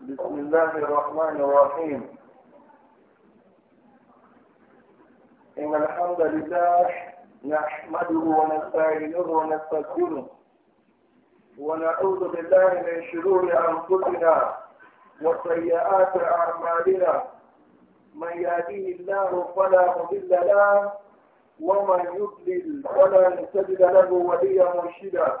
بسم الله الرحمن الرحيم إن الحمد لله نحمده ونستعينه ونستغفره ونعوذ بالله من شرور أنفسنا وسيئات أعمالنا من يهديه الله فلا مضل له ومن يضلل فلا تجد له وليا مرشدا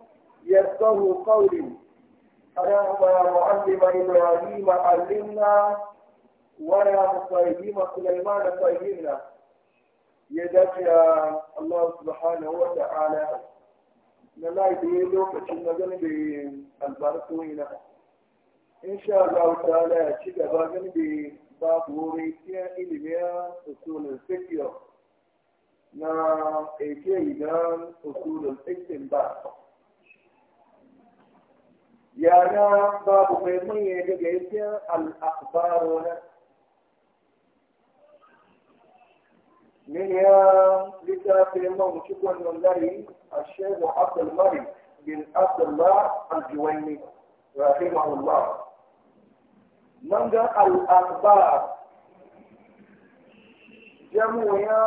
يفقه قولي اللهم يا معلم إبراهيم علمنا ويا مصيبين سليمان Ya يدك يا الله سبحانه وتعالى na yi lokacin na gani da albarku ina in sha Allah ta'ala ya ci gaba gani babu wuri kiyan ilimiya na ake idan usulun fikin ba يا باب mai manya الاخبار هنا من na من في من شكوى المنذري الشيخ عبد الملك بن عبد الله الجويني رحمه الله من جاء الأخبار جمع يا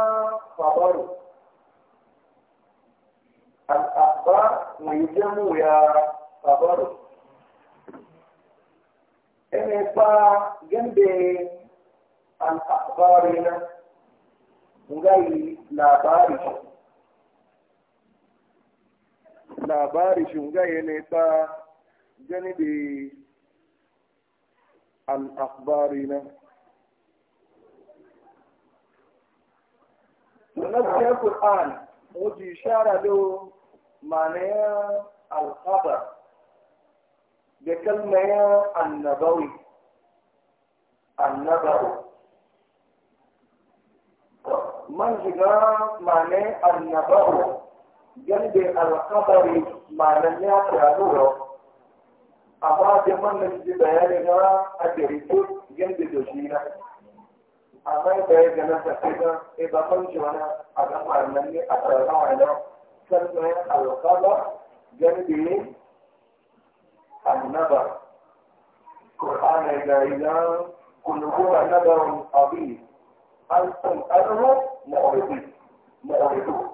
خبر الأخبار ويجمع يا خبر إنفا جنبي عن أخبارنا غير لا بارش لا بارش غير جنبي عن أخبارنا نفس القرآن وجي إشارة له معناه الخبر بكلمة النبوي النبوي من جاء معنى النبوي جنب الخبر معنى يعتبره أما جمال نجد بيانها أدريتو جنب دوشينا أما يبقى جنة سكينة إذا كان جوانا أغمى عنني أترغى عنه كلمة الخبر جنب النبأ قرآن إلهيان كل هو نبأ عظيم أنتم أنه مؤردين مؤردون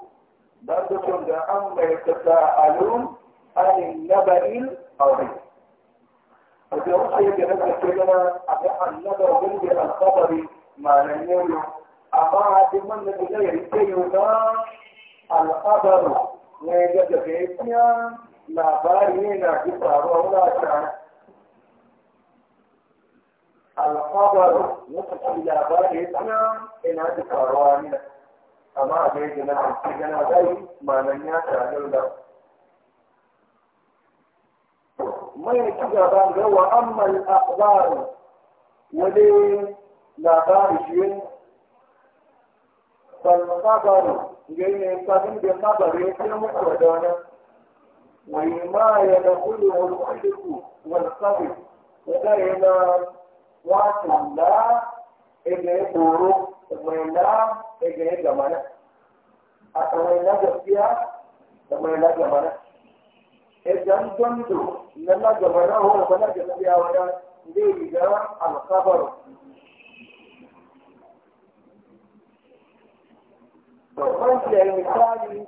ذلك أما يتساءلون عن النبأ العظيم ففي وصية نفس الكلمة أبقى النبأ بلد الخبر ما نميره أما عدمان الذي لا يريد الخبر ويجب في إسيان labari ne na ji faruwa wurata alkhabar lokaci labari tana ina ji faruwa ne amma a bai gina hanci yana zai manan ya tarar da mai ci gaba ga wa ammal akhbar wani labari shi falsabar gane sabin da kabarin kuma da wani وما يدخله الخلق والقبر وكيما واسم لا إجري بورو ولا إجري جمانة أتوينا جبتيا ولا جمانة إذن جندو لما جمانة هو ولا جبتيا ولا ليه جرى الخبر فالمنزل المثالي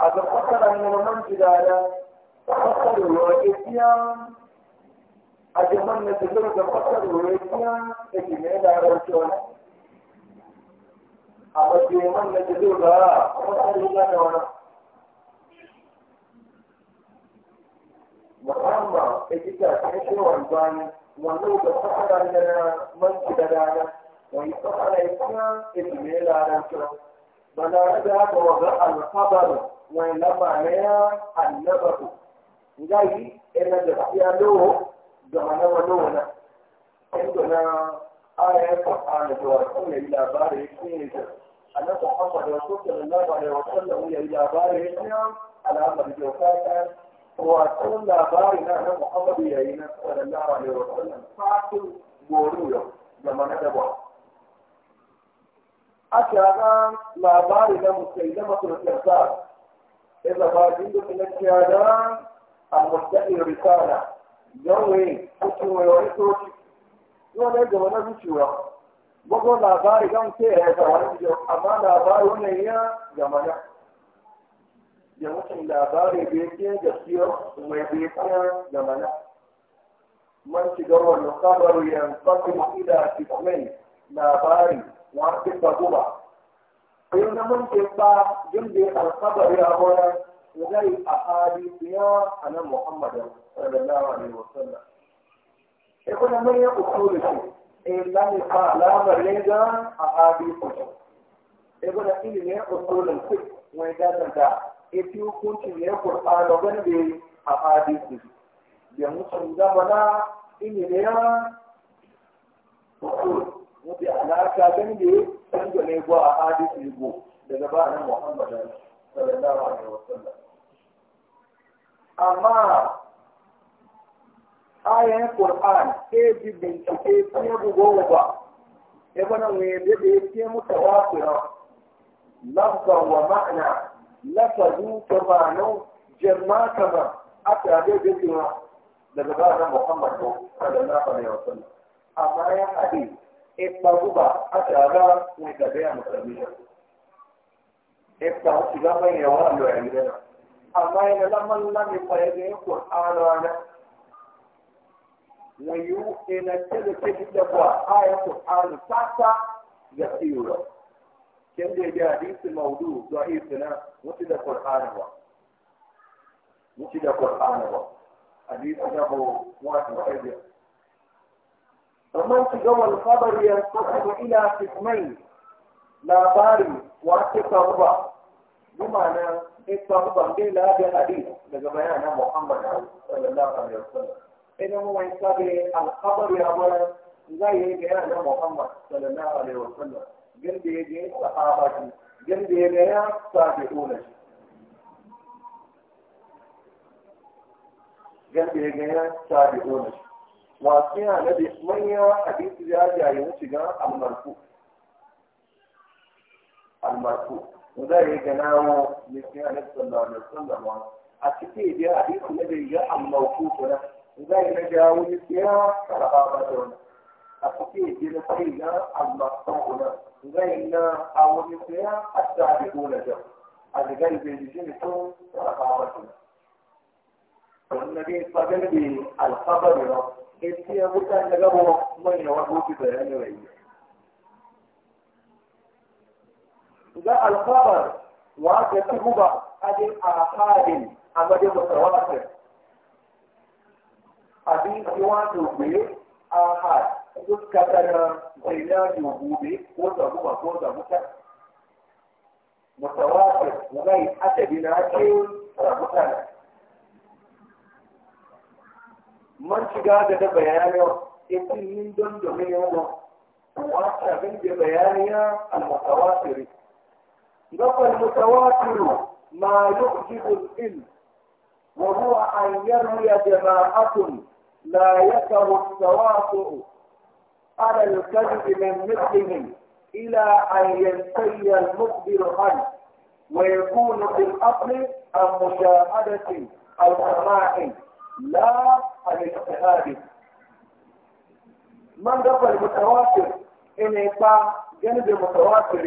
أذكر أن المنزل هذا فقر الوائسيا أجمعنا تدرج فقر الوائسيا إجمعنا على رسولنا أما أجمعنا تدرج فقر ta da sahara na wani ya ga alfabar wani lamarin annabaru ngayi ena gaskiya lowo da mana wani wani inda na ayar Qur'an da wa kuma yi labari ne da annabi Muhammad wa sallallahu alaihi wa sallam ya yi labari ne al'amar da fata wa sallallahu labari na annabi Muhammad ya yi na sallallahu alaihi wa sallam fatin goruyo da mana da ba aka ga labari da musailama kullu kaza إذا ما جندك لك يا دار Aman daɗin Rukana, zango ne an cimma yawan soji. Su a daidai mana zun shuɗa, gwagwadon labari kan ke yare-kawarin juna, amma labari wanda ya yi a mana. Jam'iyyun labari biye ƙe ƙarfi da siyan mai ɓe tana jam'an nan. Man shi dongo na sabaru ya yin faɗin gida a cikin mai, labari, wani ɗin ka guba. Wani ne na-eji na-amaliyu eee aaaeea e le ea na aaa wu a bụ aaaa sallallahu amma ayan kur'an sai bi bincike kuma bugowa ba ya bana mai da ya muka wafira lafza wa ma'ana lafazu ta ma'anau jirma kama a tare da jira daga ba na Muhammad sallallahu alaihi wasallam amma ya haɗe in ba a iska shiga mai a da yayi da amma yana lamar lami fayyade ana. na yu ina kida kida da kwa aya Qur'ana sata ya tsira kin da ya hadisi maudu da isna mutu da da Qur'ana ba hadisi da ko wato fayyade فمن تجوى الخبر ينقسم إلى قسمين لا باري وأكثر ربع bimana na kuma bin da abin daga bayana muhammad sallallahu alaihi wasallam ina mu wani sabi alkhabar ya mara zai yi ga muhammad sallallahu alaihi wasallam bin da da yake ya sabi da yake ya sabi wasu yana da manya hadisi ya jayi wuce ga almarku وذلك ناو لكان صلى الله عليه وسلم أكتي دي حديث الذي جاء الموقوف له وذلك جاء ونسيا كرهابتنا أكتي دي نسيا المقطوع له وذلك أو نسيا التعريفون له هذا قلب الجنة والنبي صلى الله عليه وسلم الخبر له إنتي أبوك أن لقبه من يوقف بيان رئيس ga alfabar, wa ta tuba adin ahadin a haɗin madin mutawatir abin ki wato gbe ahad duka tana zaina da gobe ko ta kuma ko ta muta mutawatir wai asabi na ce rabutan man shiga da da bayanin yakin yin don domin yawa wata bin da bayaniya a mutawatir لفظ المتواتر ما يعجب العلم وهو أن يروي جماعة لا يكره التواتر على الكذب من مثلهم إلى أن ينتهي المخبر عنه ويكون في الأصل عن مشاهدة أو سماع لا عن اجتهاد من دفع المتواتر إن إيقاع جنب المتواتر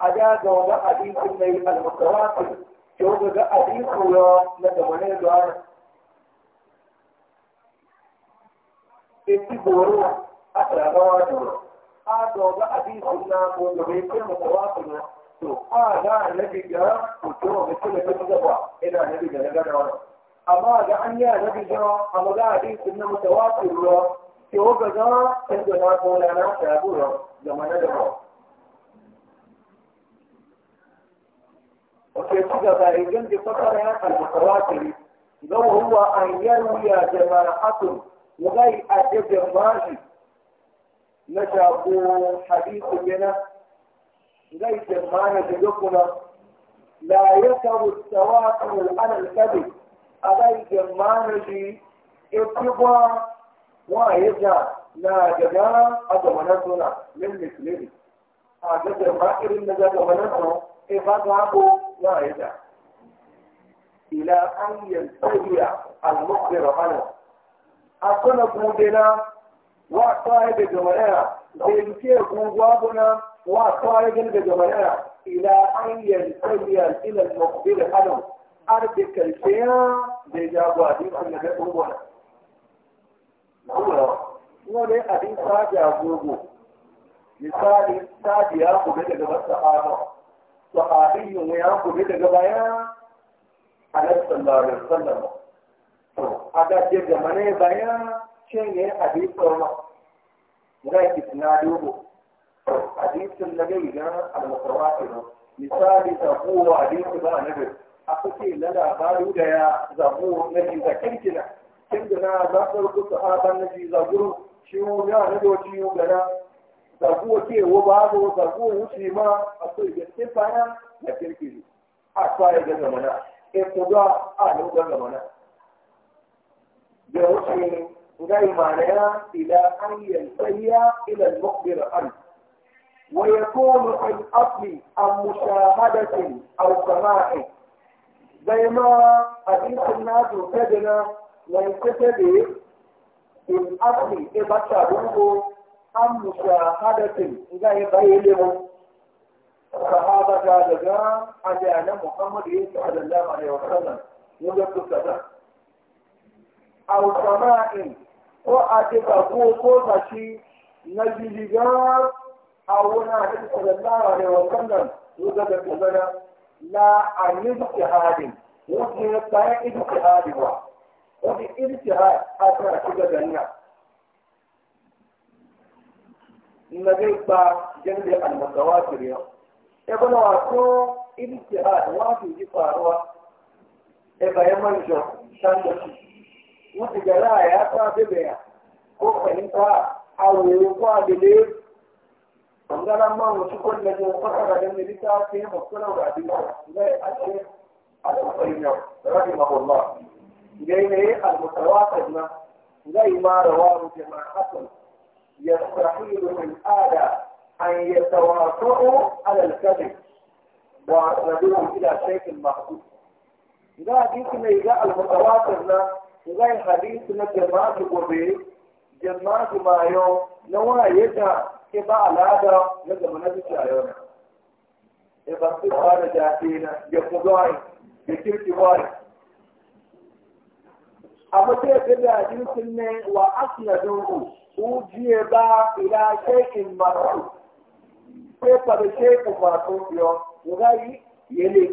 أدا جواب حديث من المتواتر جواب حديث هو لدمنه دوار اتبورو أتراغوا جواب أدواب حديث لنا مدريك المتواتر تو آغا الذي جاء وجوه مثل تجدوا إلى الذي جاء دوار أما جعل يا نبي جاء أما جاء حديث لنا متواتر جواب جاء تجدنا مولانا شابورا زمانه دوار وكيفك بائجن بفترة المتواتر لو هو أن يروي جماعة وغي أجد ماشي نشابو حديث لنا غي جماعة جدكنا لا يكره التواتر على الكذب أغي جماعة جي اتبع ويجع لا جدا أضمنتنا من مثله أجد ما إرن جدا منتنا إفادها واحدة إلى أن ينتهي المخبر عنه أكون بودنا وصاحب جمعنا بنتي بوابنا وصاحب الجمعنا إلى أن ينتهي إلى المخبر عنه أرض كالشيء بجابواتي أن يكون هو wani abin sajiya gogo misali sajiya kuma daga masu sahabin mu ya kube daga baya annabi sallallahu alaihi wasallam to aga ce da mane baya ce ne hadisi ko muna isnadu ko hadisin da bai ga al-muqawati misali ta ko hadisi ba annabi akwai na labaru da ya zabu na ji da kin da za zabar ku sahaban na ji zaburu shi ya na doci gana sabuwa ke wa babu sabuwa wuce ma a so ya ce fana na kirkiri a tsaya ga zamana e kuda a yau ga zamana da wuce ngai manaya ila an yantayya ila al-muqdir an ويكون في الأصل عن مشاهدة أو سماع زي ما حديث الناس وكدنا وينكتب في الأصل إذا تابعه an mushahadatin ga yi bayyane lemu sahaba ga daga ajiyana muhammadu yin sallallahu alaihi wasallam yin da su sada a sama'in ko a ce ba ko ko ba shi na jiliga a wani hadin sallallahu alaihi wasallam yin da su sada la a yi jihadin wajen bayan ijtihadi ba wajen ijtihad a kan shiga ganiya na zai ba jambe almasawa kiriya ya bana wato ibtihad wato ji faruwa e bayan manjo shan da shi wata gara ya ta bebe ko fahimta a wuri ko a dole bangaren man wasu kwallon da kwakwa da mai lita ta yi makulan da abin zai ake alfahari yau rabi mahulma idan ya yi almasawa kadna zai ma rawa mutum a hakan يستحيل من للآلة أن يتواطؤوا على الكذب وأسندوهم إلى شيء محدود إذا حديثنا إذا لا إذا حديثنا جماعة قبيل جماعة ما يوم نوع يجع كبا على هذا نجم نجم شايونا إذا سبحانه جاتينا يقضعي يكيرتي واري أبو تيجي حديثنا وأسندوهم ujiye ba ila shekin masu sai fara shekin masu biyo wurari yele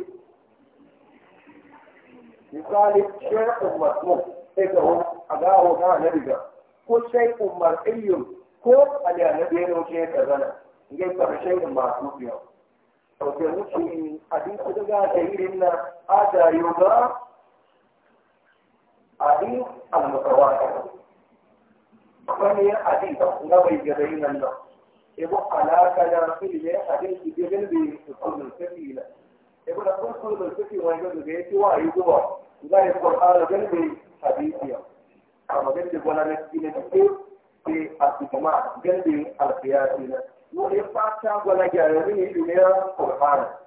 misali shekin masu sai ga hun a gawo na nariga ko shekin mar'iyyun ko alyanabe ne wuce ka zana ngai fara shekin masu biyo sauke wuce abinci daga da irin na adayo ga abin al-mutawatir wani ya hadisa na bai gadayi nan da ibu alaka ya fili ya hadisi gidan bai usulun sirri na ibu da kun usulun sirri wani gado da ya ci wa yi zuwa za ya kur'ana gan bai hadisi ya amma gan da gwana na cikin da ke ke asibama gan bai alfiyasi na wani fata gwana gyararri ne duniyar kur'ana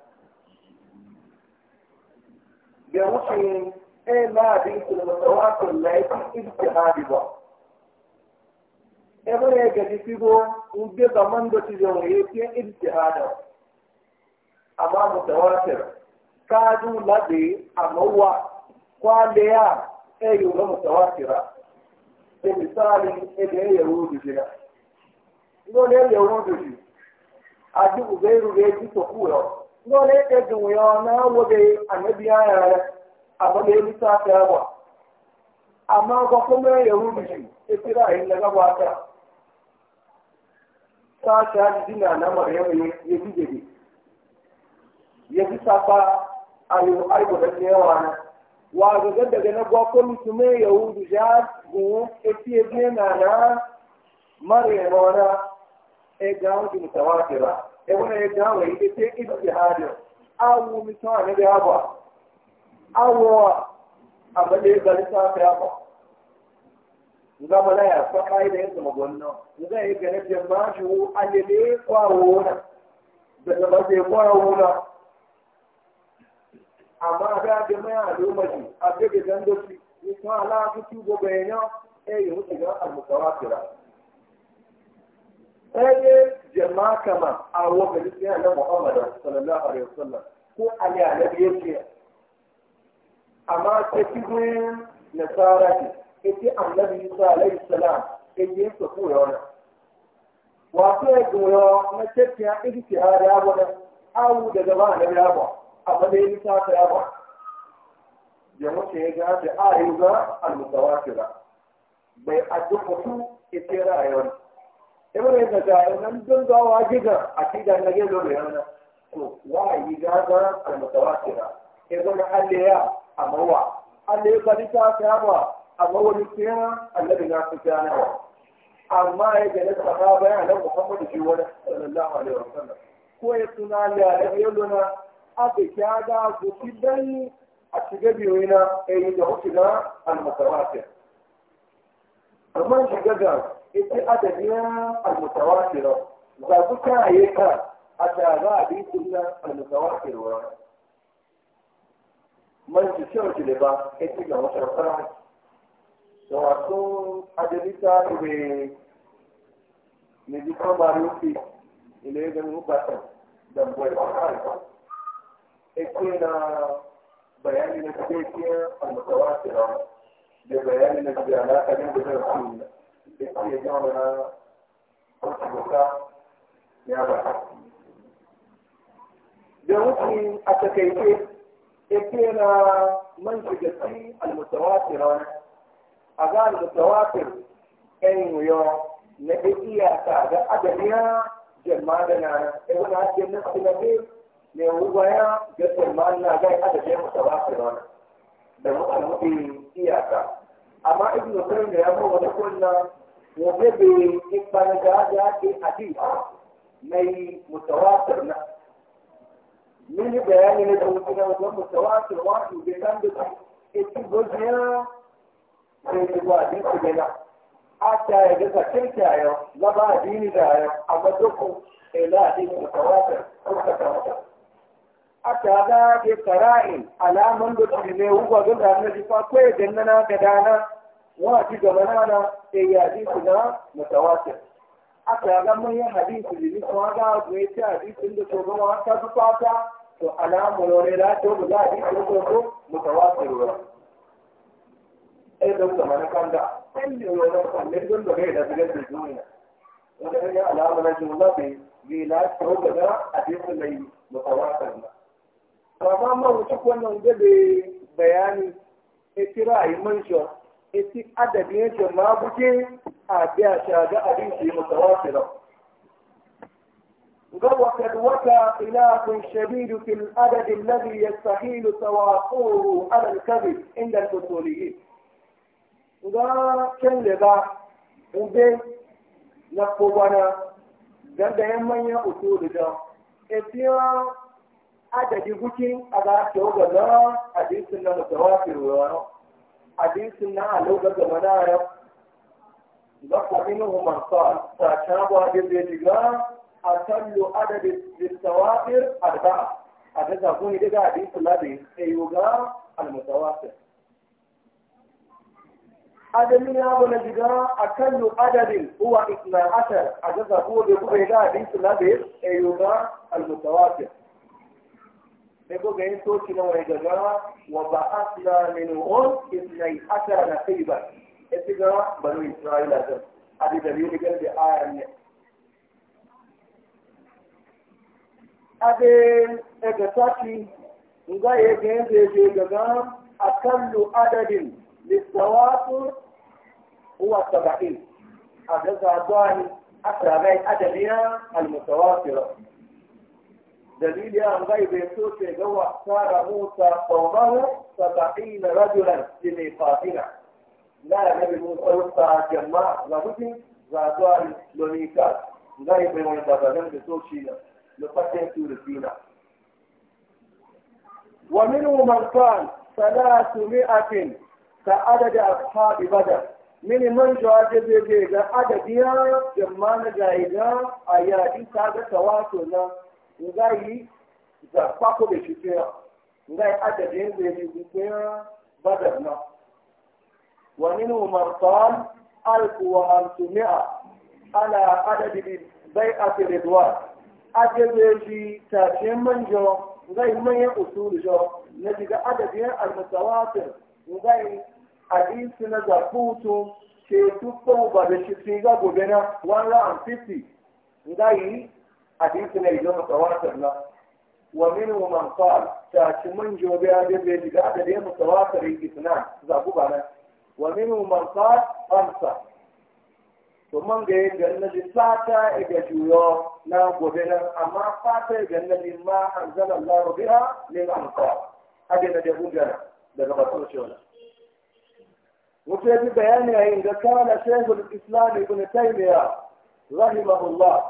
da wuce ɗaya eh, na hadisi da mutawatin na ijtihadi ba ebe ga gaji figo ude ba man da ci da waye ke ama amma mutawatir ka ju amawa kwale ya e yi ga mutawatira e misali e da e ya rudu jira ngole ya rudu e ji a ubeiru ga ji to kuyo yo na wode ya ya ne ya ya rudu ji e tira e hin sáàtì àdínà ànámọ̀ rẹ̀ wọ̀nyẹ yẹbi yẹbi yẹbi sápá ayò ayòbọ̀dẹ̀ tiẹ̀ wà ní. wà á gbẹgbẹ́ dẹ̀gẹ́ ní gbọ́ kó lùtù mé dùjá gùn etí ebi nànà mari ẹ̀rọ náà ẹ̀gá ń dùn yìí tètè ha awu mi àbẹ̀lẹ̀ ìgbàlẹ̀ nga mala ya fa kaida yin zama gwanno nga yi gane fiye ba shi wu alele kwawo da daga ba zai kwawo na amma ga ga mai al'umma shi a ga ga dan doki ni kuma ala ku ci go bayana eh yi mutu ga al-mutawatira eh jama'a kama a wa ga dukkan e na Muhammad sallallahu alaihi wasallam ko ali alabi yake amma sai kidin nasara ki ete annabi Isa alayhi salam eye su ku wani. wato ya goyo na tafiya idi ki har ya bada awu da ba na ya ba amma dai Isa ta ya ba ya mutu ya ga da ayyuka al-mutawatira bai addu'a su ite rayuwar ibn ya ga nan don gawa giga a cikin nage lolo yana to wa yi gaza al-mutawatira ibn alliya amawa alliya ba ta ta ba amma wani kira annabi na fi wa amma ya gane sahaba ya nan muhammadu shi wani sallallahu alaihi wa sallam, ko ya suna ya ya luna aka kyaga gusi dan a shiga biyoyi na ɗaya eh, da wasu na almutawatir amma shi ga ita adadin almutawatir za ku kaye ka a tara a bikin na almutawatir wani man shi shi da ba ita ga wasu farashi Sọ̀wọ́tún Adélítà ìwé nìdí bá ní fi ilé ẹgbẹ̀rún ó gbàtà dàbọ̀ ẹ̀kọ́ àìkọ́. Eke na bayani na cikin kiyar almutawa tira da bayani na cikin alaƙa ne da zai fi eke ya gama na kwatubuka ya ba. Da wuce a takaice, eke na man shiga cikin almutawa tira a ga almutawatir ɗan wuyo na igiya ta ga adadiya jama'a na ɗan wani ake na ne wubaya ga na ga adadin mutawatir wani da muka iyaka amma ibn qayyim ya bawa da kunna ya bebe ibn gaja ke hadith mai mutawatir na min bayani ne da wuce na mutawatir wato bai san da ita gojiya sai ta zuwa dinsu gina a kyaye da zakin kyayen laba addini da yayin amma dukkan sai za a dinsu kawatar kuka kawata a kada ke sara'in alaman da su ne wuwa ga jifa ga dana ji gaba sai ya na mutawatir a kada mun yi hadisi da ni kuma ga goyi ta hadisin da aka ta zufata to alamun wani da ta wuce hadisi da shugaban mutawatir wani ai da kuma na kanda sai ne wannan kanda don da kai da gidan da duniya wannan ya alama na bai da mai ba ma wuce wannan gabe bayani adadin jama'a buke a biya shaga abin ke وقد خلاف شديد في العدد الذي يستحيل تواصله على الكذب عند الاصوليين nga kyan ba ube na kowane don da yan manya uku da don efiya adadi hukin a ga ke oga na hadisin na mutawa firwa hadisin na aloga ga manara ga kwamin humansa ta shabuwa da zai diga a tallo adadi listawafir arba a ga zafi daga hadisin labin tsayo al almutawafir أدمنا ونجدا أكل عدد هو إثنى عشر عجزة هو بيقوم بيقى بنت نبيل أيضا المتواتر بيقوم بيقى سوشنا ونجدا وبعثنا من غن إثنى عشر نقيبا إثنى بنو إسرائيل أجل هذا دليل يقول بآية من أدين أجساتي نجا يجين بيجي جدا أكل عدد للتواتر هو الطبقي أجزاء الظاهر أقربين أدبيا المتواترة دليل يا أمغي يسوس جوا صار موسى قومه سبعين رجلا لميقاتنا لا نبي موسى وصى جماعة لابد زادوار لميقات غيب من تبعهم بسوشينا لفتح سورسينا ومنه من كان ثلاثمائة كعدد أصحاب بدر mini man jawa be bebe ga adadiya jama na gaiga a yadi ta ga tawato na nga yi za kwako da shi tsaya nga yi adadin da yi gudunya badar na wa min umartan alfu wa hamsumi'a ala adadi bai a firidwan adade shi tashin man jawa nga yi manyan usulu jawa na diga adadin almutawatir nga yi hadisi na zafuto ke tukkan ba da shi sun ga gobe na 150 nga yi hadisi na idan mutawatir na wa min wa man qal ta ci mun jobe a bebe diga da da mutawatir kitna, zafu ba na wa min wa man qal amsa to man ga yin gannaji fata ga juyo na gobe nan amma fata ga gannaji ma anzala Allah biha lil amsa hadin da hujja daga batun shi wannan وفي بيانه إن كان شيخ الإسلام ابن تيمية رحمه الله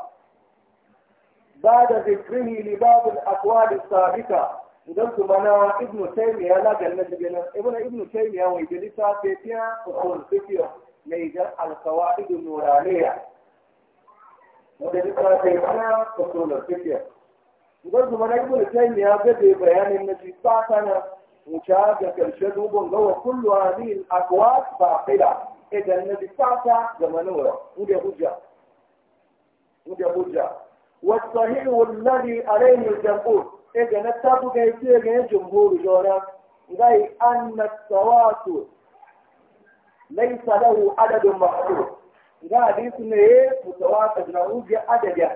بعد ذكره لباب الأقوال السابقة قلت منا ابن تيمية لا جنة جنة ابن ابن تيمية ويجلسها في فيها أصول فكرة ميجر القواعد النورانية وجلسها في فيها أصول الفكرة قلت منا ابن تيمية بدي بيان النجيب mucaga karshe dubon gawa kullu hadhihi al-aqwat baqila idan nabi fata zamanin wa inda hujja inda hujja wa sahih alladhi alayhi al-jumhur idan tabu ga yake ga jumhur jora dai anna tawatu laysa lahu adad mahdud ga hadisi ne mutawatir na uji adadin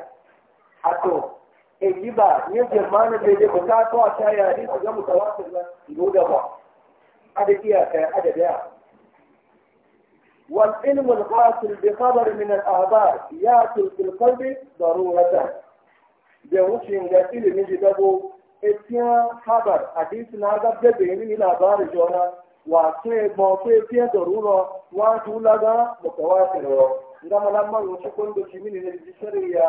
ato èyí bá yẹn jẹ máa ń bèèrè kò ká tó àṣà yà ní ọjọ́ mùsàlá tó lọ ìlú dẹ̀bọ̀ adìgí ẹ̀kẹ́ adìgí à. والعلم الحاصل بخبر من الأعضاء يأكل في القلب ضرورة بوشين يأكل من جدبو إتيا خبر حديث ناغا بين إلى بار جونا وأتي موتي إتيا ضرورة وأتولغا متواتر لما لما يشكون بشمين الجسر يا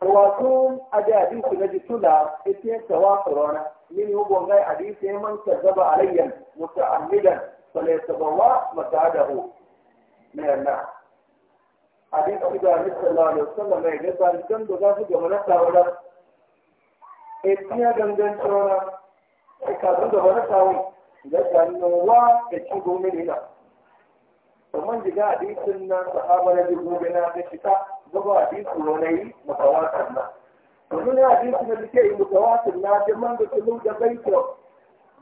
wato a da hadisi na jitula ita korona ni corona hukun gai a hadisi ya man zaba alayyan layyan fala yatabawa mata'adahu min anna wa abu da hadisi sallallahu alaihi wasallam mai ga zalikan da za su eh, eh, ga mana tawara tiya gangan tsora a kafin da wani tawo da kanuwa da ci gomi ne na jiga man jiga hadisin nan sahaba na gobe na da ta gaba hadisi wani ne na domin ya hadisi ne duke yi mutawatir na da man da tulu da baiti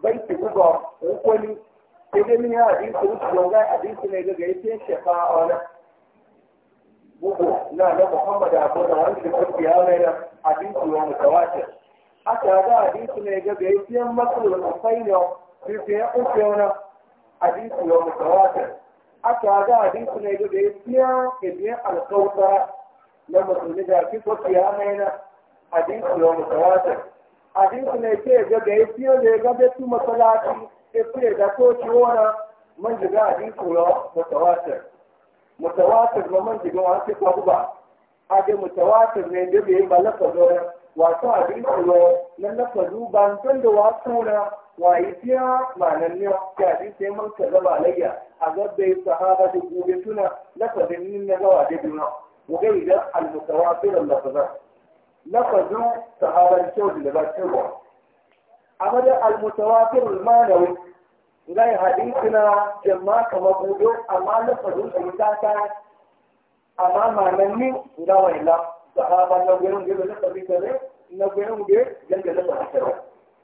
baiti guba hukuni sai dai min ya hadisi wuce gonga hadisi ne daga yake shafa a wani gugu na na muhammad abu da wani da kuma ya mai na hadisi ne mutawatir aka ga hadisi ne daga yake masu da kufai ne sai ya kufe wani hadisi ne mutawatir aka ga abin ku ne da ya fiya ke biya alƙawta na musulmi da ke ko fiya mai na abin ku yau musalata abin ku ne ke ga da ya fiya da ga da su masalati ke fiye da ko mun ji jiga abin ku yau wata mutawatir ma man wata wani ba a ga mutawatir ne da bai yi ba lafa zora wato abin ku na lafa zuba ban da wasu na waitiya manan ya ji sai man ka zaba layya a gabbai sahaba da gobe tuna lafazin yin na gawa da juna wagai da almutawafirin lafazan lafazin sahaban kyau da ba cewa amma da almutawafirin manawi ngai hadisi na jama kama gobe amma lafazin su ta ta amma manan ni gawa ila sahaba na gurin da lafazin da na gurin da lafazin da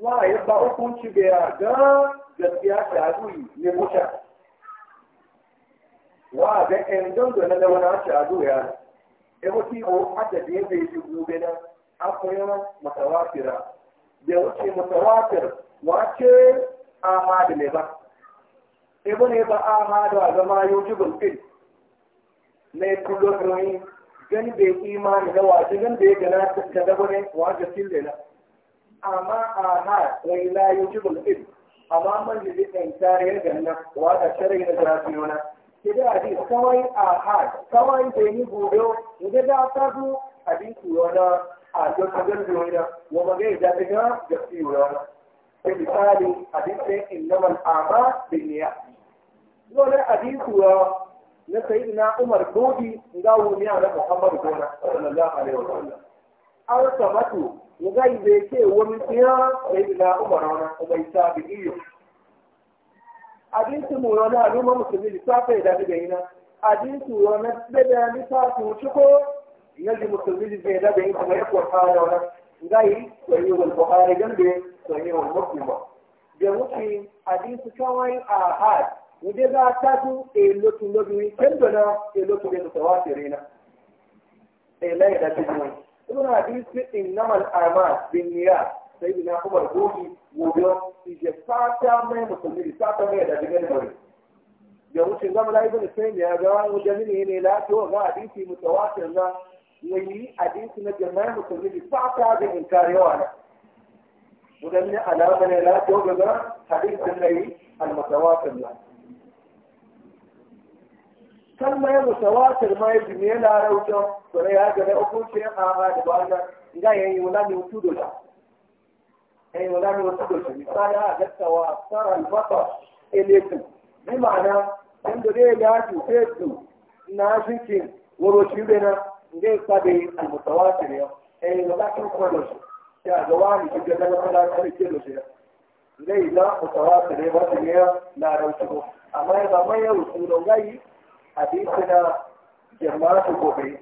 waye ba hukunci da ya ga gaskiya ta zuyi ne mutu wa ga ɗan dondo na da wani ta zuya e wuce ko adadi bai yake gobe na akwai matawafira da wuce matawafir wace ahadu ne ba e ne ba ahadu a zama yau yujibul fil ne kullu gani bai imani da wace gani bai gana ta da wani wace fil da na amma a ha rai yi yujibul ilm amma man da zai tsantare ya ganna wa da shari'a da jafiyona kida hadis kawai a ha kawai da ni gobe da da ta du hadisi wala a don ka gan biyoya wa ba ga da ga da fiyoya sai misali hadisi Amma a'ma bin niyyah dole hadisi wa na sayyidina Umar Bodi ga wuniya da Muhammad Gona sallallahu alaihi wasallam arsabatu nga ibe ke wani tiya sai da umar wani kuma isa bi iyo abin su mu wani abin ma musulmi lissafa da daga ina abin su wani bada lissafa wuce ko yanzu musulmi zai daga ina kuma ya kwata wani nga yi sai wal buhari gambe sai wal muslim ba da wuce abin su kawai a had wuje za ta su e lotu lobi kendo na e lotu da tawafirina e lai da tijin Ibn hadisi innamal amal bin niyya sai ina kuma gobi gobe ije sata mai musulmi sata mai da diga mai bari da wucin zama da ibn sayyid ya ga wani jami'i ne la to ga hadisi mutawatir na wani hadisi na jama'a musulmi sata da inkarewa na mudan alama ne la to ga hadisi na yi al mutawatir na kalma ya mutawatir ma ya jimi yana rauta kore ya gare hukunci ya fara da bana ga ya yi wala ne wutu dola yi wala ne wutu dola misali a gaskawa sara al-bata ilaykum bi ma'ana in da dai ya ji fesu na shikin wuro shi bena ngai sabe al-mutawatir ya yi wala kan kuma da shi ya ga wani shi ga da wala kan ke da shi ngai da mutawatir ne ba ne ya na rauta amma ya ba mai wutu dola yi hadisuna jama'atu gobe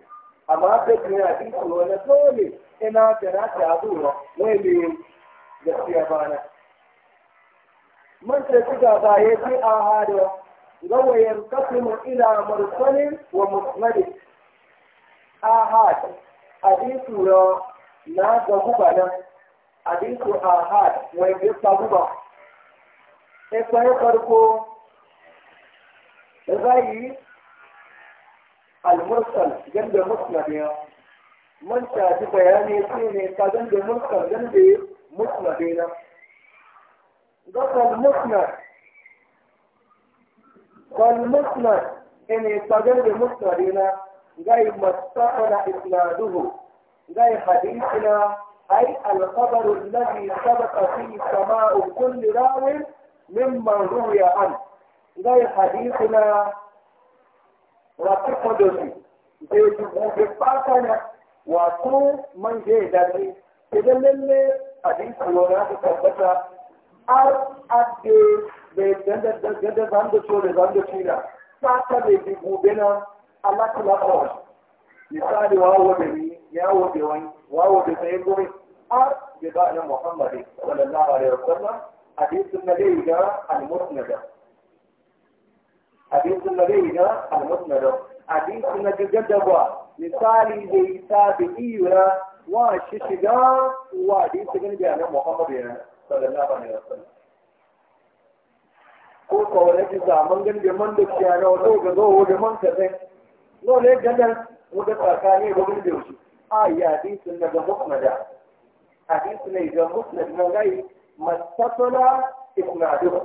amma da duniya hadisi wani dole ina da na ta abuwa wai ne gaskiya bana man sai shiga ba ya fi a hada gawa yankasimu ila mursalin wa musnadin ahad hadisu ya na ga guba nan hadisu ahad wai ya sa guba sai farko zai yi. المرسل جنب مسلم يا من شاهد بياني سيني كجنب مرسل جنب مسند يا مسلم قال مسلم إن كجنب مسند يا جاي مستقل إسناده جاي حديثنا أي الخبر الذي سبق فيه سماء كل راوي ممن روي عنه جاي حديثنا rafi kwadosu zai dubu fata na wato man zai dace idan lalle abin tsoro na ta tabbata har abde bai gada zan da so da zan da da Allah ta lafa misali wawo da ni yawo da wani wawo da sai gori har da ba'ala muhammadi sallallahu alaihi wasallam hadisin nabi ga al-musnad حديث النبي المسند حديث النبي جدبوا مثالي زي تابعينا وششدا وحديث النبي عن محمد صلى الله عليه وسلم ko kawai ji zaman gan da man da kiyana wato ga zo da man ka sai no ne gadan wata tsakani ga gudu da shi a ya hadisin daga musnada hadisin ne ga musnad nan gai mastasala ibn adu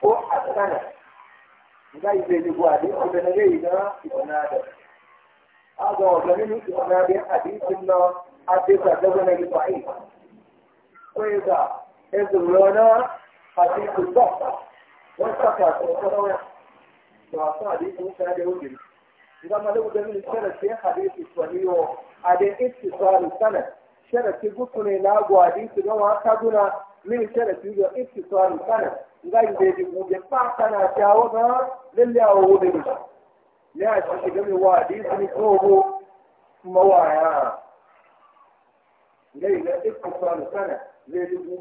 ko hasana zai zai ji gwadi ko da na ibnada aga wa ganin ibnada hadisin na hadisa da fa'i ko ya ga ezulona hadisin ba wọ́n sàkà ọ̀sọ́dọ́ wẹ̀ lọ àtọ́ àdéhùn ṣe adé ògè mi. Ìgbà máa léwu dẹ́nu ìṣẹ̀lẹ̀ ṣe àdéhùn ìṣọ̀ ní wọ̀ àdé ìṣìṣọ́ àlùsálẹ̀ min sharati ya ittisal sana ngai de di mu je pa sana tawo ga lalle a wo de ne wa di ni ko ho ya ngai ga ittisal sana le di mu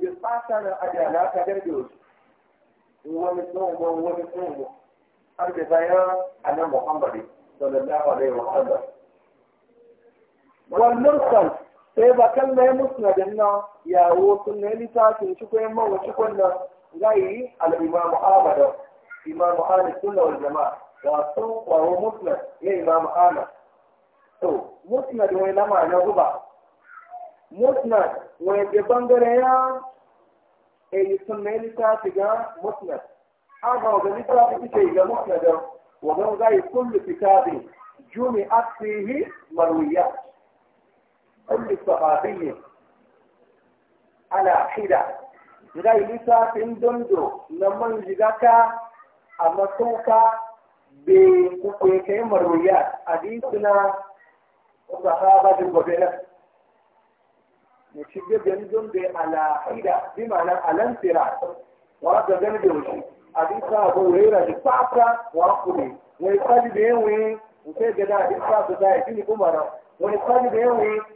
a wani sai ba kan mai musnadin nan yawo sun ne littafin shi ko yamma wa shi kunnan zai al-imam Ahmad imam Ahmad sunna wal jamaa wa sun kwawo musnad ya imam Ahmad to musnad wai lama na guba musnad wai da bangare ya e sun ne littafi ga musnad aga ga littafi ce ga musnad wa ga zai kullu kitabi jumi'at fihi marwiyat كل الصحابي على حدة جاي لسا فين دندو نمن جدكا أما توكا بكوكيك مرويات أديسنا الصحابة البدنة نشجع جندن على حدة بمعنى على انفراد ورد جنب وشي أديسا أبو هريرة جفعتا وأخذي ويقال بيوي وكيف جدا حديثنا بدا يجيني كمرا ويقال بيوي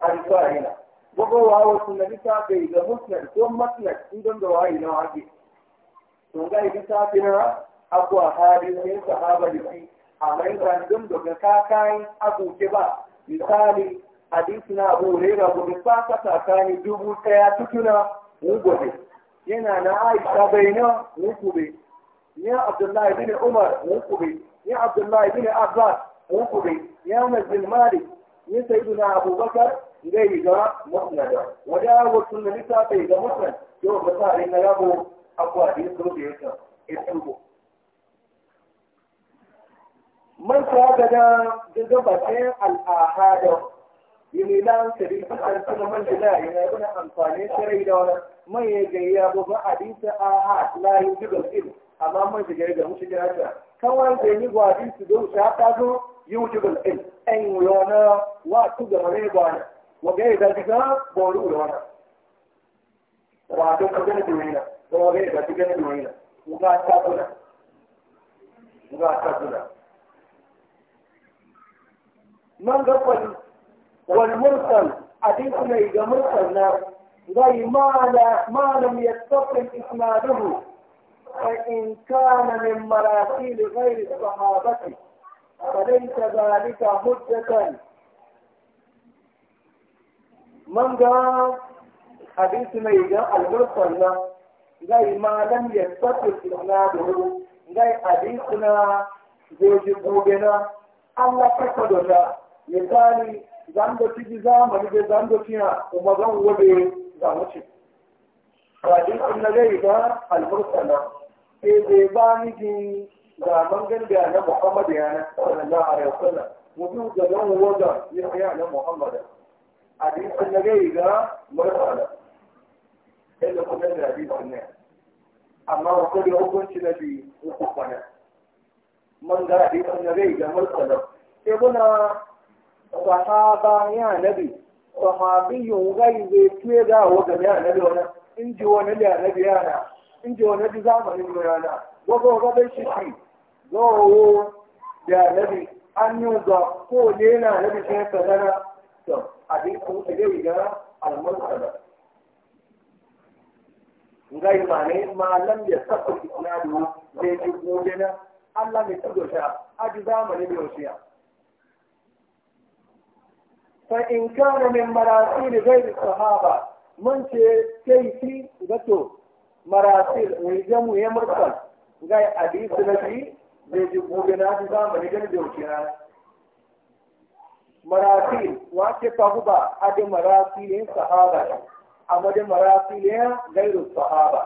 alfa'ila gogo wa wasu na bisa bai ga musnad ko masnad idan da wayi na wake to ga idan ta na abu hali ne sahaba da shi amma idan dum da kakai abu ke ba misali hadisi na abu rera gobe ba ka kakani dubu daya tutuna gobe yana na aisha bai na gobe ya abdullahi bin umar gobe ya abdullahi bin abbas gobe ya mazin malik ya sayyiduna abubakar ngai ga musnada wada wasu na nisa bai ga musnad yau ba sa rin yabo abuwa da tsoro da rubuta yasa etugo man ta ga da gabatin al'ahada yimilan sabi kan kuma man da yana yana amfani sarai da wani man ya ga yabo ba hadisi ahad la yujibu al amma man da ga mushi da haka kawai da ni gwadin su don shaka zo yujibu al-ilm an yana wa tu ga mare gwana وجاي ذا ديكا بولو لونا وعدو كذا دوينا وجاي ذا ديكا دوينا وقاعد كابولا وقاعد كابولا من قبل والمرسل أدينكنا إذا مرسلنا غي ما, لا ما لم يتصل إسناده فإن كان من مراسيل غير الصحابة فليس ذلك حجة manga ga hadisi mai ga albursan nan gai ma lam da isnaduhu gai hadisi na goji gobe na Allah kasa da ta misali zan da ciki zamani da zan na tiya kuma zan gobe da wuce hadisi na gai ga albursan nan sai e, bai ba ni ji ga mangan da na Muhammad ya na sallallahu alaihi wasallam mutum ga nan wajen ya na Muhammad حديث النبي ده مرسل إلا كنا من حديث النبي أما وقد يكون النبي وقفنا من ده حديث النبي ده مرسل يقولنا صحابة يا نبي صحابي غير تويدا وقم يا نبي وانا إن جوانا يا نبي أنا إن جوانا بزامن إنه أنا وقو غبي شيء قو يا نبي أن يوضع قول لنا نبي شيء فلنا to abin kun ka zai ga al-munkar ngai mane ma lam ya sabu isnadu zai ji gobe na Allah mai tabo sha aji zamani mai wasiya fa in kana min marasil ghairi sahaba mun ce kaifi gato marasil mai jamu ya mursal ngai hadisi na shi zai ji gobe na aji zamani gani da wasiya مراتيل واكي طهبا ادي مراتيل صحابة اما دي مراتيل غير الصحابة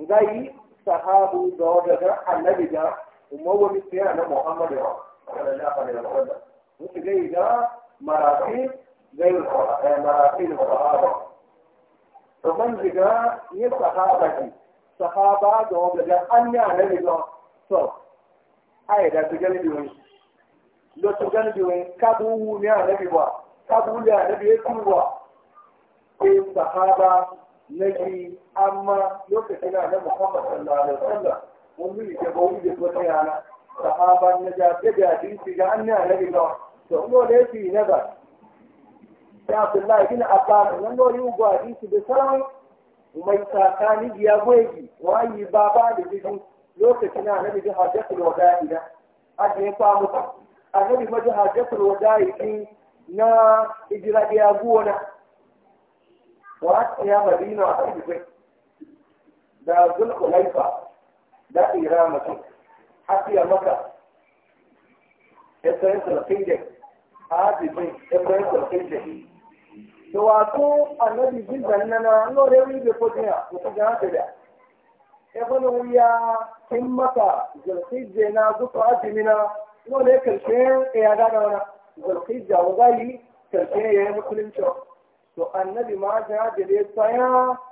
غير صحابة دور جدا النبي جا ومو مثل انا محمد رو مثل غير جا مراتيل غير مراتيل الصحابة فمن جا يه صحابة جي صحابة دور جدا انا نبي جا صح ايه ده تجلي بيوش lọ́tọ̀ gánibì wọn káàbù wù ní wa káàbù wù ní àrẹ́bì ètò wa pé sàhábà lẹ́yìn àmà lọ́kẹ̀kẹ́ náà lẹ́mọ̀ kọ́mọ̀ sọ̀lá rẹ̀ sọ̀lá wọn bí yana sàhábà nẹjà bẹ́ẹ̀ àdìsí ga ní àrẹ́bì lọ tó ń lọ lẹ́sì ya abdullahi bin abbas nan lọ yóò gbọ́ àdìsí bẹ sọ́rọ́ mai tsakani annabi maji hajjatul wada'i din na hijira ya gona wa ya madina a kan da zulkulaifa da iramatu hasiya maka efraim salafinde hajjibin efraim salafinde da wato annabi jin zannana an lori wani bai kodiya mutum da haka da ya fana wuya kin maka zulhijjena zuwa no ne karshe ya gada wani zulhijja wa zai kalfe ya yi musulunci to annabi ma ta da ya tsaya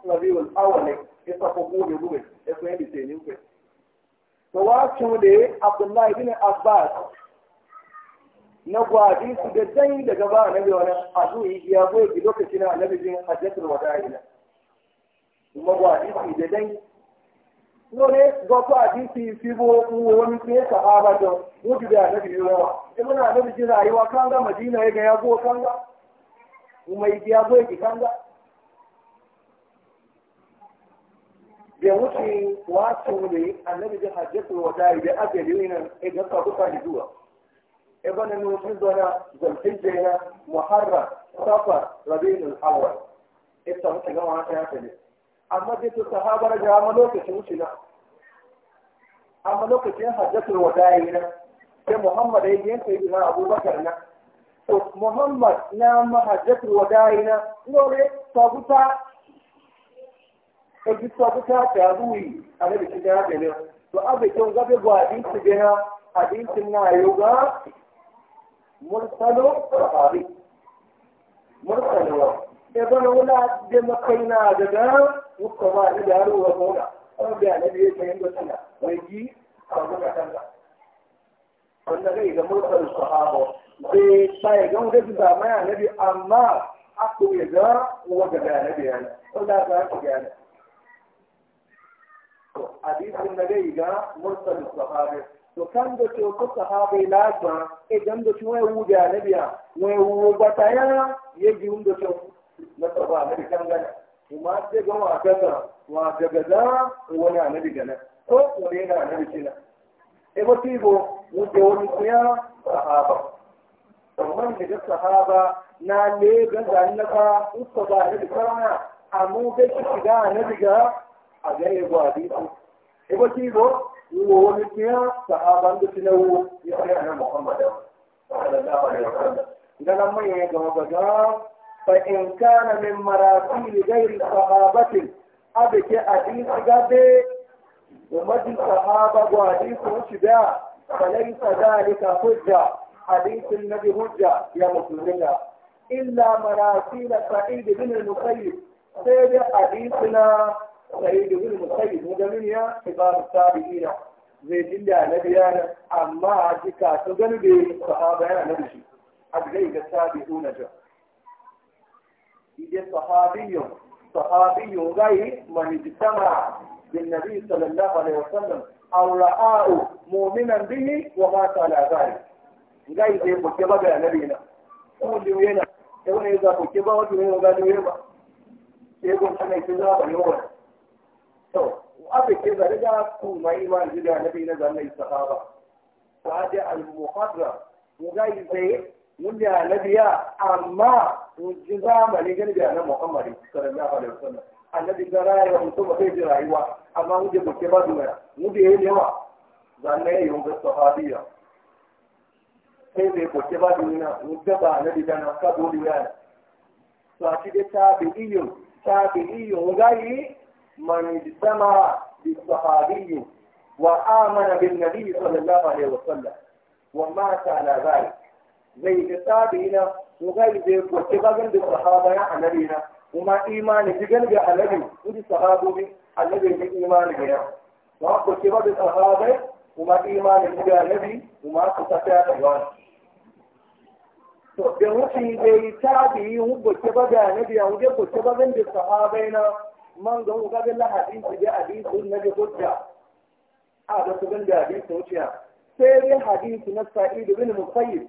wa awwal ya sako gobe gobe ya kuma yi sai ne ku to wa cin da abdullahi bin abbas na gwaji su da dai daga ba annabi wani azu yi ya goyi lokacin annabi bin hajjatul wada'i na kuma gwaji su da dai lórí gọ́kọ́ àdínkì ìfibó owó ní pé sàbábà jọ lójú bí àdébì yóò wà ibùdó àdébì jí ra na kánga màdínà ẹgbẹ̀ yagbó kánga ìmọ̀ ìdí agbó èkì kánga yẹ̀wùsì wà tún lè àdébì jí àjẹkù wọ̀dá ìdí na ìrìnà ẹgbẹ̀ kàkúkà nìdúwà ẹgbẹ́ nínú fúnzọ́nà zọ̀lẹ́jẹ̀ẹ́nà mọ̀hárà sáfà rabi'ul awwal ìtàn kìlọ̀ wọn á amma sai to sahabar ga amma lokacin wuce na amma lokacin hajjatul wada'i na sai Muhammad ya yi yanka ibn Abubakar na to Muhammad na mahajjatul wada'i na lore sabuta eji sabuta ta ruwi a da shi da ne to abai kin gabe go hadisi na hadisin na yoga mursalu sahabi mursalu ibn wala da makaina daga dukkan ma da yaro wa mona an da ne ne kai da sana wai ji a muka kanka wanda kai da mutar sahaba sai sai ga wanda da ma ya amma aku ya ga wa ga da nabi yana Allah ga ne hadisin da gai ga mutar sahaba to kan da to ko sahaba la ba idan da to wai wuja nabiya wai wuba ta ya yaji wanda to na tsaba nabi kan kuma ce ga wa kasa wa daga za wani annabi gana ko wani yana annabi kina e eh, ba ti go mu je wani kuya sahaba amma ne da sahaba na ne ga zan na ka usko ba ne da karana amma ga shi ga annabi ga a ga e ba ko, e ba ti go mu wani kuya sahaba da tinawo ya ga eh, annabi Muhammad sallallahu alaihi wasallam idan amma ya ga ba ga فإن كان من مراسيل غير صحابة أبك أديس قبي ومجل صحابة وحديث وشباع فليس ذلك حجة حديث النبي حجة يا مسلمين إلا مراسيل سعيد بن المسيب سيد حديثنا سعيد بن المسيب مجمين يا كبار السابقين زي jinda نبيانا أما amma a صحابة يا نبيشي bai السابقون جاء إذا صحابي صحابي غير من اجتمع بالنبي صلى الله عليه وسلم أو رآه مؤمنا به ومات على ذلك غير زي مكبا بيا نبينا أقول له هنا يقول إذا مكبا وجه هنا قال له يبا يقول أنا إتزاب اليوم تو وأبي كذا رجع كل ما إيمان جدا نبينا قال لي الصحابة وهذا المخضرم وغير زي wanda ya nabiya amma wujin zamani gani da na muhammadu sallallahu alaihi wasallam annabi ga rayuwa mutum ba zai ji rayuwa amma wujin buke ba duniya wujin ya yi yawa zanne ya yi wujin sahabiya sai bai buke ba duniya wujin ba annabi ga na kabo duniya to a cikin tabi'iyyun tabi'iyyun gayi man sama bi sahabiyyin wa amana bin nabi sallallahu alaihi wasallam wa mata ala zalik zai ga sabina ko ga ibe ko ke bagan da sahaba ya annabi na kuma imani digan ga annabi kudi sahabobi annabi ne imani ga ya wa ko ke da sahaba kuma imani ga annabi kuma ka tafiya da wani to da wuce dai tabi hu ko ke bagan annabi ya hu ko ke bagan da sahaba na man ga ga da lahadin hadisi da hadisi na ga hujja a da su ga hadisi wuciya sai dai hadisi na sa'id bin musayyib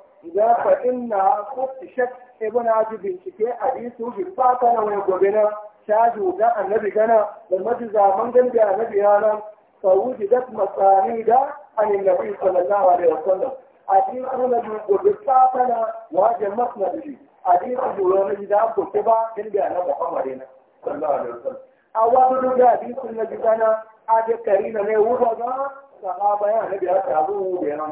da fa inna kufishat ibn abi bincike hadisu bi fata na wani gobe na shaju ga annabi gana da majiza man gan da annabi yana fa wujidat masanida an annabi sallallahu alaihi wasallam hadisu na gobe fata na wajen masnadi hadisu dole ne da gobe ba gan da annabi Muhammad sallallahu alaihi wasallam awa dudu da hadisu na gidana a da karina ne wuba ga sahaba ya annabi ya tabu da yana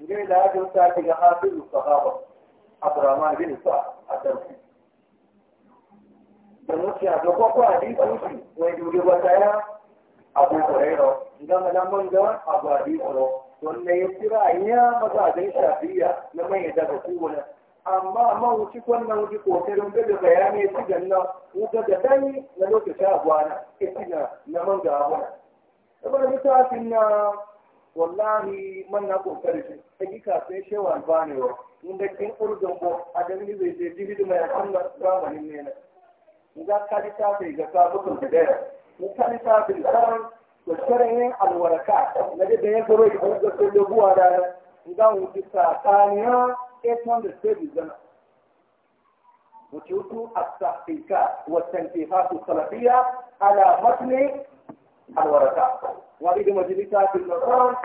ne da ya na daga hafizu sahaba bin sa a sarki da mutu a ga kwakwa a ji kushi dole wata ya abu kwarero idan madan man a ji kwaro wanda ya kira na mai daga amma mawuci wannan wuce kokarin da ya na na na na wallahi man na kokari shi hakika sai shewa ba ne wa inda kin urgan A adam ni zai je jibi mai kanga da zamanin ne na ga kali ta bai ga ka bukun da daya mu kali ta bai karan to sharin alwaraka na da da ya garo ki da ko da buwa da ga mu ki ta kaniya e ton da sai bizana وجود التحقيقات والتنبيهات السلفية على متن alwaraka. wani da majalisa ta nasara